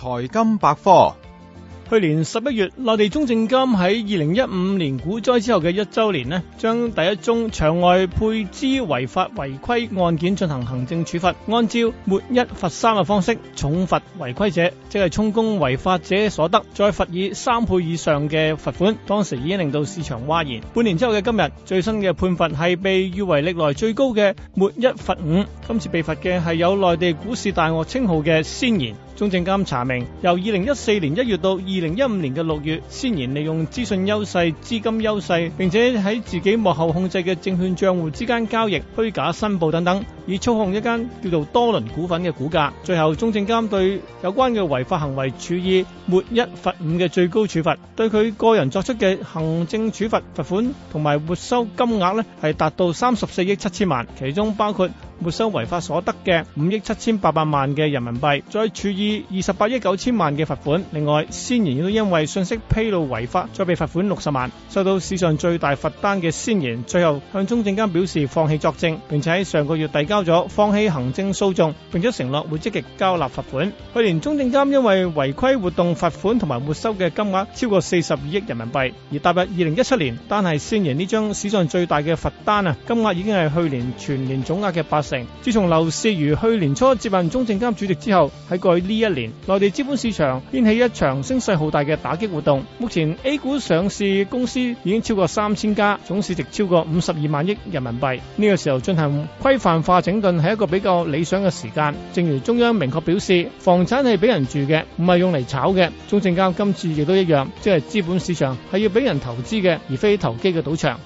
財金百科，去年十一月，內地中證監喺二零一五年股災之後嘅一周年咧，將第一宗場外配資違法違規案件進行行政處罰，按照沒一罰三嘅方式重罰違規者，即係充公違法者所得，再罰以三倍以上嘅罰款。當時已經令到市場嘩然。半年之後嘅今日，最新嘅判罰係被譽為歷來最高嘅沒一罰五。今次被罰嘅係有內地股市大鱷稱號嘅鮮言。中證監查明，由二零一四年一月到二零一五年嘅六月，鮮言利用資訊優勢、資金優勢，並且喺自己幕後控制嘅證券賬戶之間交易、虛假申報等等，以操控一間叫做多倫股份嘅股價。最後，中證監對有關嘅違法行為處以沒一罰五嘅最高處罰，對佢個人作出嘅行政處罰罰款同埋沒收金額咧係達到三十四億七千萬，其中包括。沒收違法所得嘅五億七千八百萬嘅人民幣，再處以二十八億九千萬嘅罰款。另外，鮮言亦都因為信息披露違法，再被罰款六十萬，受到史上最大罰單嘅鮮言，最後向中證監表示放棄作證，並且喺上個月遞交咗放棄行政訴訟，並且承諾會積極交納罰款。去年中證監因為違規活動罰款同埋沒收嘅金額超過四十二億人民幣，而踏入二零一七年，單係鮮言呢張史上最大嘅罰單啊，金額已經係去年全年總額嘅八。自從劉士余去年初接任中證監主席之後，喺過去呢一年，內地資本市場掀起一場聲勢浩大嘅打擊活動。目前 A 股上市公司已經超過三千家，總市值超過五十二萬億人民幣。呢個時候進行規範化整頓係一個比較理想嘅時間。正如中央明確表示，房產係俾人住嘅，唔係用嚟炒嘅；中證監今次亦都一樣，即係資本市場係要俾人投資嘅，而非投機嘅賭場。